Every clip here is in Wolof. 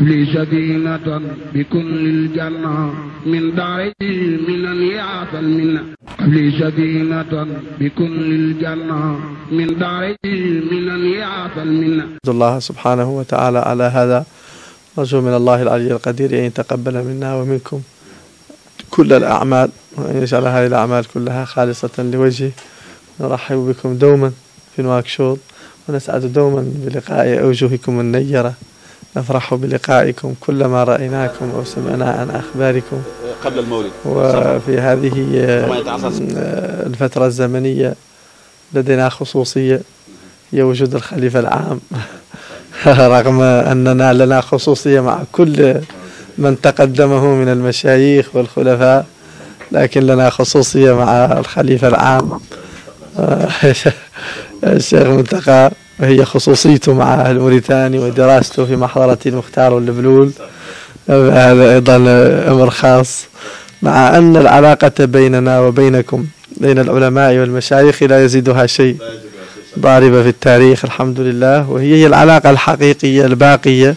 لي سكينة بكل الجنة من داري من يا فالمنة لي سكينة بكل الجنة من داري من يا فالمنة الله سبحانه وتعالى على هذا نرجو من الله العلي القدير أن يتقبل منا ومنكم كل الأعمال وأن يجعل هذه الأعمال كلها خالصة لوجهه نرحب بكم دوما في نواكشوط ونسعد دوما بلقاء أوجهكم النيرة نفرح بلقائكم كلما رأيناكم أو سمعنا عن أخباركم قبل المولد وفي هذه الفترة الزمنية لدينا خصوصية هي وجود الخليفة العام رغم أننا لنا خصوصية مع كل من تقدمه من المشايخ والخلفاء لكن لنا خصوصية مع الخليفة العام الشيخ منتقى وهي خصوصيته مع الموريتاني ودراسته في محضرة المختار والبلول هذا أيضا أمر خاص مع أن العلاقة بيننا وبينكم بين العلماء والمشايخ لا يزيدها شيء ضاربة في التاريخ الحمد لله وهي هي العلاقة الحقيقية الباقية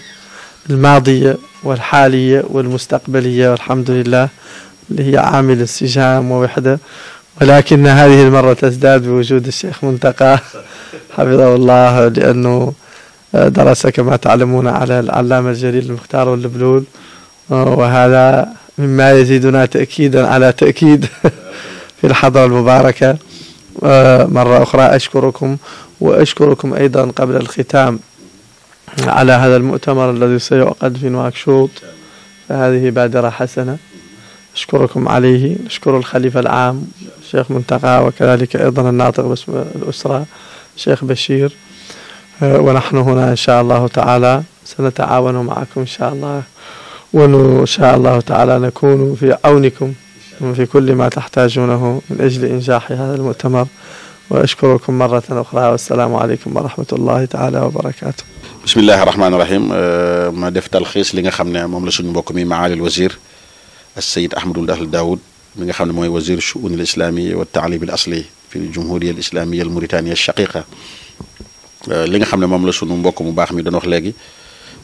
الماضية والحالية والمستقبلية والحمد لله اللي هي عامل انسجام ووحدة ولكن هذه المرة تزداد بوجود الشيخ منتقى حفظه الله لأنه درس كما تعلمون على العلامة الجليل المختار والبلول وهذا مما يزيدنا تأكيدا على تأكيد في الحضرة المباركة مرة أخرى أشكركم وأشكركم أيضا قبل الختام على هذا المؤتمر الذي سيعقد في نواكشوط فهذه بادرة حسنة أشكركم عليه نشكر الخليفة العام الشيخ منتقى وكذلك أيضا الناطق باسم الأسرة الشيخ بشير ونحن هنا إن شاء الله تعالى سنتعاون معكم إن شاء الله وإن شاء الله تعالى نكون في عونكم في كل ما تحتاجونه من أجل إنجاح هذا المؤتمر وأشكركم مرة أخرى والسلام عليكم ورحمة الله تعالى وبركاته بسم الله الرحمن الرحيم ما دef talxiis li nga xam ne moom la suñu mbokk mi Maali al Wazir as sayid ahmadul dahl daawud mi nga xam ne mooy wazir chuun al islami wa taalim al asli fi l jumhuria al islamia al mauritania shaqiqa euh, li nga xam ne moom la sunu mbokk mu baax mi doon wax léegi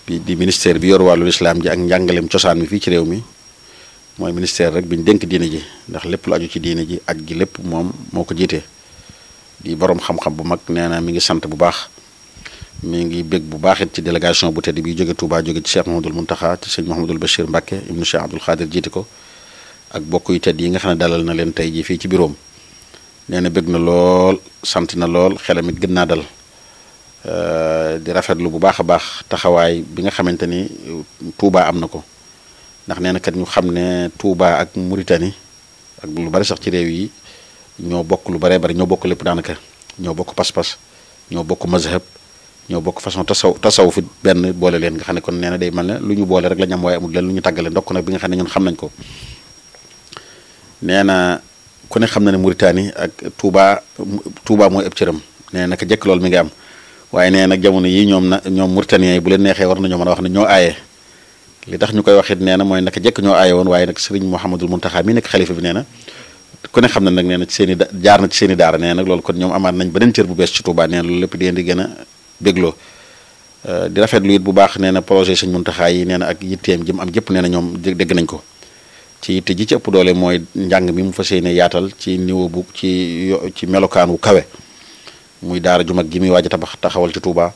bi di ministère bi yor wàllu lislaam ji ak njàngaleem cosaan mi fii ci réew mi mooy ministère rek bi ñu dénk diine ji ndax lépp lu aju ci diine ji ak gi lépp moom moo ko jiite di boroom xam-xam bu mag nee na mi ngi sant bu baax mi ngi bég bu baaxit ci délégation bu tedd bi jóge Touba jóge ci Cheikh Mouhamadoul Mountakha ci sëñ Mouhamadoul Bachir Mbacke ibnu Cheikh Abdoul Khadir jiite ko ak bokk yu tedd yi nga xam ne dalal na leen tey jii fii ci biroom nee na bég na lool santi na lool xelam gën naa dal di rafetlu bu baax a baax taxawaay bi nga xamante ni Touba am na ko ndax nee na ñu xam ne Touba ak Mauritanie ak lu bari sax ci réew yi ñoo bokk lu bare bari ñoo bokk lépp daanaka ñoo bokk pas-pas ñoo bokk mazhab ñoo bokk façon tasaw tasaw fi benn boole leen nga xam ne kon nee na day mel ne lu ñu boole rek la ñam waaye amul leen lu ñu tàggale ndokk nag bi nga xam ne nee na ku ne xam na ne Mauritanie ak Touba Touba mooy ëpp cëram nee na naka jëkk loolu mi ngi am waaye nee nag jamono yi ñoom na ñoom Mauritaniens yi bu leen neexee war nañoo a wax ne ñoo aaye li na mooy na ku ne xam na nag nee na ci seen i jaar na ci seen i daara nee na loolu kon ñoom amaat nañ beneen cër bu bees ci Touba nee na loolu lépp di gën a bégloo euh, di rafetlu it bu baax nee na projet sëñ Muntaxa yi nee na ak yitteem jëm am jëpp nee na ñoom dégg nañ ko ci yitte ji ci ëpp doole mooy njàng mi mu fas yéene yaatal ci niveau bu ci ci melokaan wu kawe muy daara ju mag gi muy waaj a tabax taxawal ci Touba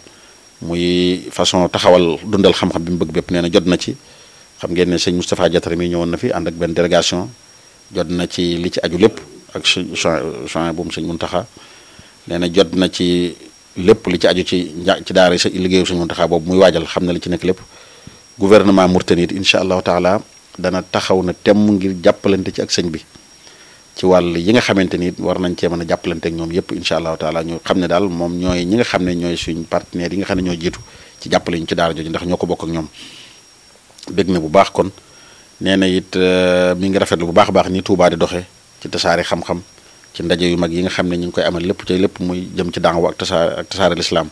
muy façon taxawal dundal xam-xam bi mu bëgg bépp nee na jot na ci xam ngeen ne sëñ Moustapha Diatara mi ñëwoon na fi ànd ak benn délégation jot na ci li ci aju lépp ak su su bu mu mun Muntaxa nee na jot na ci. lépp li ci aju ci ci daara sa liggéeyu suñu xaa boob muy waajal xam na li ci nekk lépp gouvernement Mauritanie it incha allahu taala dana taxaw na temm ngir jàppalante ci ak sëñ bi ci wàll yi nga xamante ni war nañ cee mën a jàppalante ñoom yépp incha allahu taala ñu xam ne daal moom ñooy ñi nga xam ne ñooy suñ partenaires yi nga xam ne ñoo jiitu ci jàppale ñu ci daara jooju ndax ñoo ko bokk ak ñoom bég na bu baax kon nee na it euh, mi ngi rafetlu bu baax a baax ni Touba doxee ci tasaare xam ci ndaje yu mag yi nga xam ne ñu ngi koy amal lépp ci lépp muy jëm ci daawa ak tasaare ak tasaare lislaam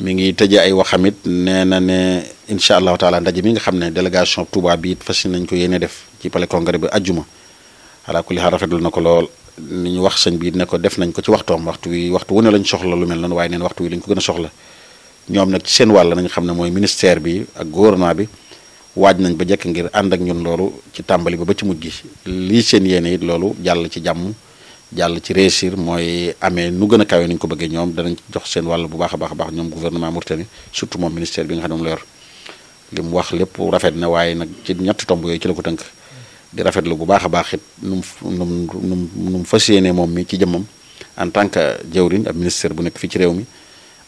mi ngi tëjee ay waxamit nee na ne incha allah taala ndaje mi nga xam ne délégation tubaab bi it fas nañ ko yéene def ci palais congrès bi ajjuma ala kulli xaal rafetlu na ko lool ni ñu wax sëñ bi ne ko def nañ ko ci waxtoom waxtu wi waxtu wu ne lañ soxla lu mel nan waaye neen waxtu wi lañ ko gën a soxla ñoom nag ci seen wàll nañ xam ne mooy ministère bi ak gouvernement bi waaj nañ ba jekk ngir ànd ak ñun loolu ci tàmbali ba ba ci mujj gi lii seen yéene it loolu jàll ci jàmm jàll ci réussir mooy amee nu gën a kawe ni ñu ko bëggee ñoom danañ jox seen wàll bu baax a baax a baax ñoom gouvernement Mauritanie surtout moom ministère bi nga xam ne moom mu wax lépp rafet na waaye nag ci ñetti tomb yooyu ci ko tënk di rafetlu bu baax a baax it nu mu nu mu nu mu fas yéene moom mi ci jëmmam en tant que jëwriñ ab ministère bu nekk fii ci réew mi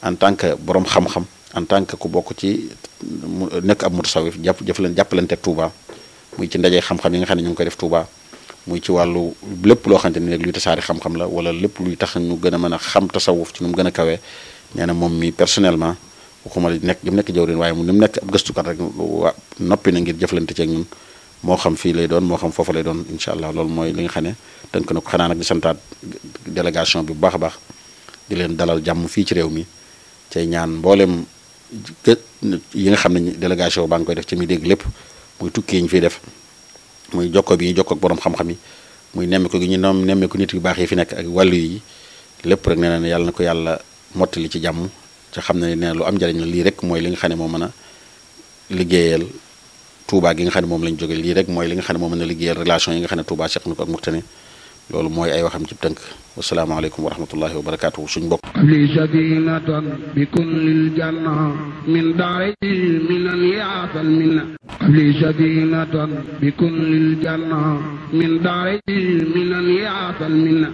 en tant que borom xam-xam en tant que ku bokk ci nekk ab mutasawif jàpp jëf leen jàppalante Touba muy ci ndaje xam-xam yi nga xam ne ñu ngi koy def Touba. muy ci wàllu lépp loo xamante ni rek luy tasaari xam-xam la wala lépp luy tax ñu gën a mën a xam tasawuf ci nu mu gën a kawee nee na moom mi personnellement waxuma la nekk jëm nekk waaye mu ni mu nekk ab gëstukat wa noppi na ngir jëflante ceeg ñun moo xam fii lay doon moo xam foofu lay doon incha allah lool mooy li nga xam ne tënk na ko xanaa nag di santaat délégation bi bu baax a baax di leen dalal jàmm fii ci réew mi cay ñaan mboolem yi nga xam ne délégation baa ngi koy def ci mi dégg lépp muy tukki yi ñu fiy def muy jokko bi ñu jokko borom xam-xam yi muy nemmeeku gi ñu noom nit yu baax yi fi nekk ak wàllu yi lépp rek nee na ne yàlla na ko yàlla mottali ci jàmm ci xam ne nee lu am njariñ lii rek mooy li nga xam ne moo mën a liggéeyal Touba gi nga xam ne moom lañ jóge lii rek mooy li nga xam ne moo a liggéeyal relation yi nga xam ne Touba seq ko ak Mauritanie loolu mooy ay waxam ci tënk wasalaamaaleykum wa rahmatullahi wa barakaatu suñ bokk li sadinatan bi kullil janna min daari minan yaatal minna li sadinatan bi kullil janna min daari minan yaatal minna